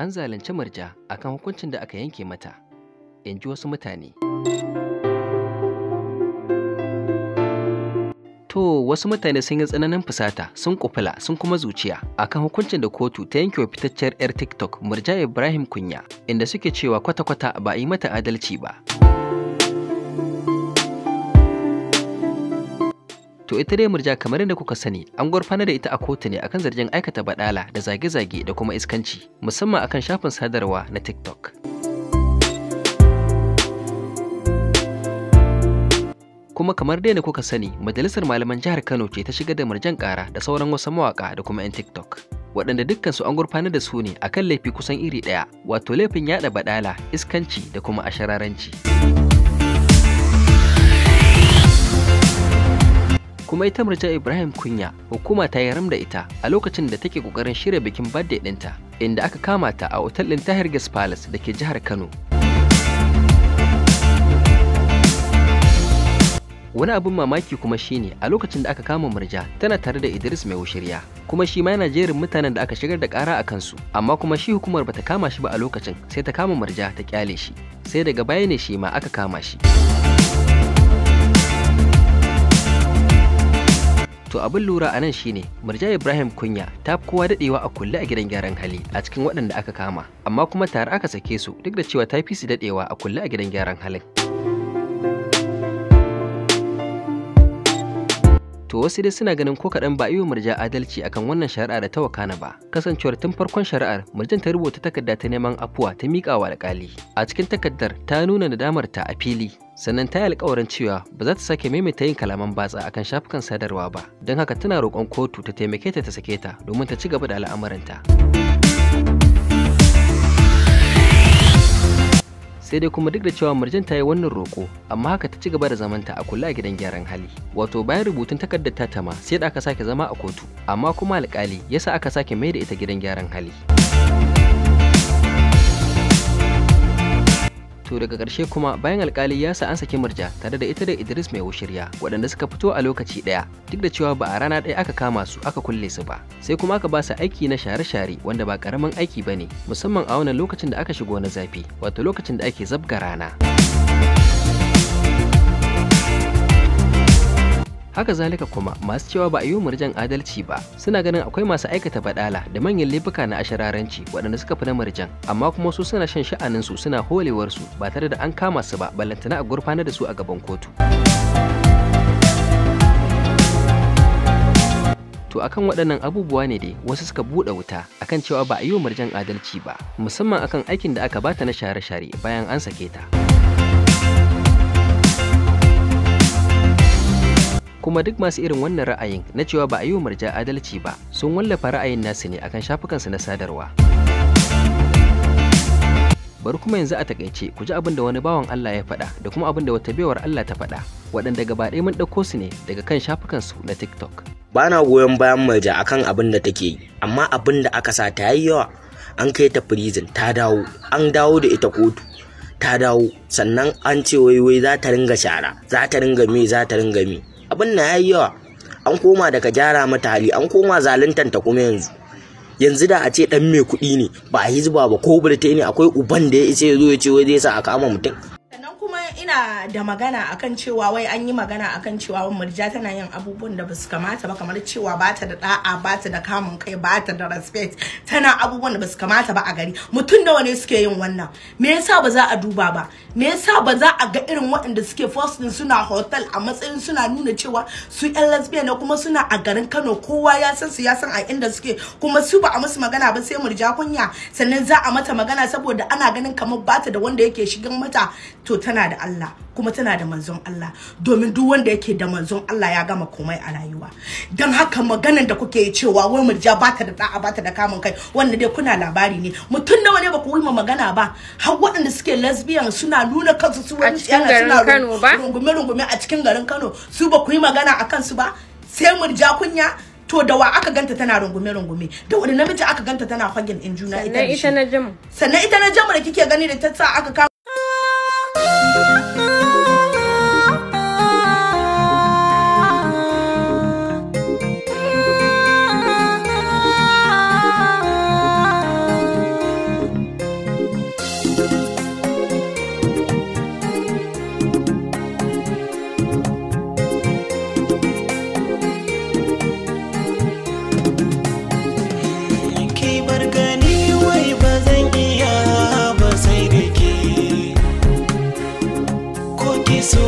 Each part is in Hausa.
an zalunci murja akan hukuncin da aka yanke mata in ji wasu mutane to wasu mutane sun yi tsananin fusata sun kufula sun kuma zuciya akan hukuncin da kotu ta yanke wa fitacciyar 'yar tiktok murja ibrahim kunya inda suke cewa kwata-kwata ba a yi mata adalci ba. To ita dai murja kamar yadda kuka sani an gurfanar da ita a kotu ne akan zargin aikata badala da zage-zage da kuma iskanci musamman akan shafin sadarwa na TikTok. kuma kamar dai da kuka sani majalisar malaman jihar Kano ce ta shiga da murjan kara da sauran wasu mawaka da kuma 'yan TikTok waɗanda dukkan su an gurfanar da su ne akan laifi kusan iri ɗaya wato laifin yada badala iskanci da kuma ashararanci. kuma ita murja ibrahim kunya hukuma ta yi da ita a lokacin da take kokarin shirya bikin birthday ɗinta inda aka kama ta a otal ɗin tahir Guest palace da ke jihar kano wani abin mamaki kuma shine a lokacin da aka kama murja tana tare da idris mai wushirya kuma shi ma yana jerin mutanen da aka shigar da kara a kansu amma kuma shi hukumar bata kama shi ba a lokacin sai ta kama murja ta kyale shi sai daga baya ne shi ma aka kama shi To abin lura a nan shine Murja Ibrahim Kunya ta fi kowa dadewa a kulle a gidan gyaran hali a cikin waɗanda aka kama, amma kuma tare aka sake su duk da cewa ta fi su dadewa a kulle a gidan gyaran halin. to wasu dai suna ganin ko kaɗan ba a yiwa murja adalci akan wannan shari'a da ta wakana ba kasancewar tun farkon shari'ar murjan ta rubuta takarda ta neman afuwa ta miƙa wa alƙali a cikin takardar ta nuna nadamarta a fili sannan ta yi alkawarin cewa ba za ta sake maimaita yin kalaman batsa a kan shafukan sadarwa ba don haka tana roƙon kotu ta taimake ta ta sake ta domin ta ci gaba da al'amuranta sai dai kuma duk da cewa Marjan ta yi wannan roƙo amma haka ta ci gaba da zamanta a kula a gidan gyaran hali wato bayan rubutun takardar ta tama sai da aka sake zama a kotu amma kuma alƙali yasa aka sake mai da ita gidan gyaran hali to daga ƙarshe kuma bayan alkali ya sa an saki murja tare da ita da idris mai wushirya waɗanda suka fito a lokaci ɗaya duk da cewa ba a rana ɗaya aka kama su aka kulle su ba sai kuma aka ba su aiki na share-share wanda ba ƙaramin aiki ba ne musamman a wannan lokacin da aka shigo na zafi wato lokacin da ake zabga rana. haka zalika kuma masu cewa ba a yi murjan adalci ba suna ganin akwai masu aikata badala da manyan laifuka na ashararanci waɗanda suka fi na murjan amma kuma su suna shan sha'anin su suna holewar su ba tare da an kama su ba ballantana a gurfanar da su a gaban kotu to akan waɗannan abubuwa ne dai wasu suka buɗe wuta akan cewa ba a yi murjan adalci ba musamman akan aikin da aka bata na share-share bayan an sake ta. kuma duk masu irin wannan ra'ayin na cewa ba a yi wa marja adalci ba sun wallafa ra'ayin nasu ne akan shafukan su na sadarwa bari kuma yanzu a takaice ku ji abin da wani bawan Allah ya faɗa da kuma abin da wata bewar Allah ta faɗa waɗanda gaba ɗaya mun ɗauko su ne daga kan shafukan su na TikTok. Ba na goyon bayan marja akan abin da take yi, amma abin da aka sa ta yi yawa an kai ta prison ta dawo, an dawo da ita kotu ta dawo, sannan an ce wai wai za ta ringa shara, za ta ringa me za ta ringa me. abin na yi yawa an koma daga gyara mata hali an koma ta kuma yanzu yanzu da a ce dan mai kuɗi ne ba a yi hizba ba ko birtani akwai uban da ya isa ya zo ya ce wai zai sa a kama mutum sannan kuma ina da magana akan cewa wai an yi magana akan cewa murja tana yin abubuwan da basu kamata ba kamar cewa bata da da'a bata da kamun kai bata da respect tana abubuwan da basu kamata ba a gari mutum da wane suke yin wannan me yasa ba za a duba ba me yasa ba za a ga irin waɗanda suke din suna hotel a matsayin suna nuna cewa su yan lesbian ne kuma suna a garin Kano kowa ya san su ya san a inda suke kuma su ba a musu magana ba sai murja kunya sannan za a mata magana saboda ana ganin kamar bata da wanda yake shigan mata to tana da Allah kuma tana da manzon Allah domin duk wanda yake da manzon Allah ya gama komai a rayuwa dan haka maganan da kuke cewa wai murja ba ta da da'a ba ta da kamun kai wannan dai kuna labari ne mutum nawa ne baku yi magana ba har waɗanda suke lesbian suna nuna kansu su wani suna rungume rungume a cikin garin Kano su ba yi magana a kansu ba sai murja kunya to da wa aka ganta tana rungume rungume da wani namiji aka ganta tana fagin in juna ita sannan na jamu sannan ita na jamu da kike gani da ta sa aka kama so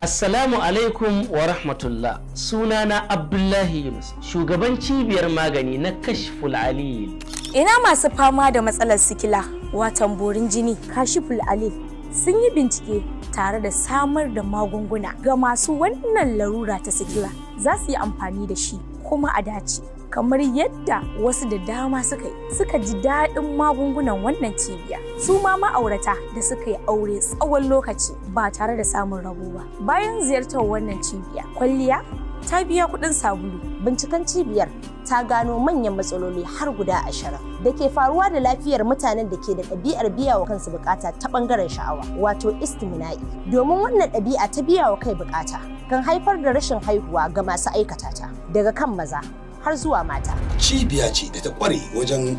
assalamu alaikum wa rahmatullah sunana abdullahi yunus shugaban cibiyar magani na kashful aliyu ina masu fama da matsalar sikila watan borin jini kashiful alil sun yi bincike tare da samar da magunguna ga masu wannan larura ta sikila za su yi amfani da shi kuma a dace kamar yadda wasu da dama suka yi suka ji daɗin magungunan wannan cibiya su ma ma'aurata da suka yi aure tsawon lokaci ba tare da samun rabo ba bayan ziyartar wannan cibiya kwalliya ta biya kuɗin sabulu. Binciken cibiyar ta gano manyan matsaloli har guda ashirin da ke faruwa da lafiyar mutanen da ke da ɗabi'ar biya wa kansu bukata ta ɓangaren sha'awa wato istimina'i. Domin wannan ɗabi'a ta biya wa kai bukata kan haifar da rashin haihuwa ga masu aikata ta daga kan maza har zuwa mata. Cibiya ce da ta kware wajen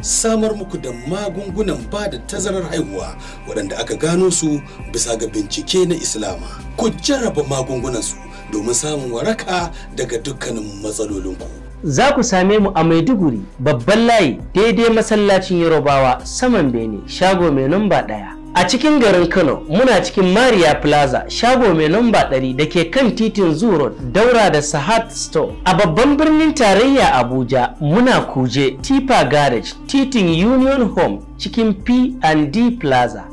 samar muku da magungunan ba da tazarar haihuwa waɗanda aka gano su bisa ga bincike na Islama. Ku jarraba magungunan su domin samun waraka daga dukkanin matsalolinku. Za ku same mu a Maiduguri babban layi daidai masallacin Yarobawa saman Bene shago mai namba ɗaya. A cikin garin Kano muna cikin Maria Plaza shago mai namba ɗari, da ke kan titin Zoo daura da Sahat Store. A babban birnin tarayya Abuja muna kuje Tipa Garage titin Union Home cikin P&D Plaza.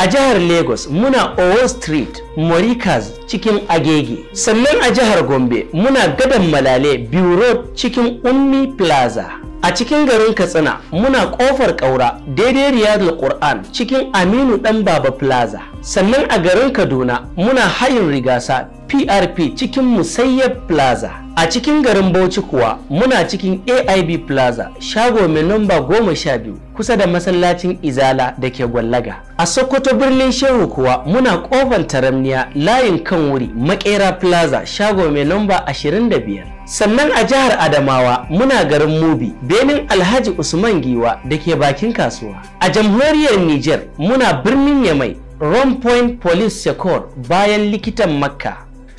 a jihar lagos muna owo street morikas cikin agege sannan a jihar gombe muna gadon malale biyu road cikin ummi plaza a cikin garin katsina muna kofar kaura daidai riyadul qur'an cikin aminu dan baba plaza sannan a garin kaduna muna hayin rigasa PRP cikin Musayya Plaza. A cikin garin Bauchi kuwa muna cikin AIB Plaza shago mai namba goma sha biyu kusa da masallacin Izala da ke Gwallaga. A Sokoto birnin Shehu kuwa muna kofar taramniya layin kan wuri Makera Plaza shago mai namba biyar. Sannan a jihar Adamawa muna garin Mubi benin Alhaji Usman Giwa da ke bakin kasuwa. A jamhuriyar Niger muna birnin Yamai Rompoint Police Secor bayan likitan Makka.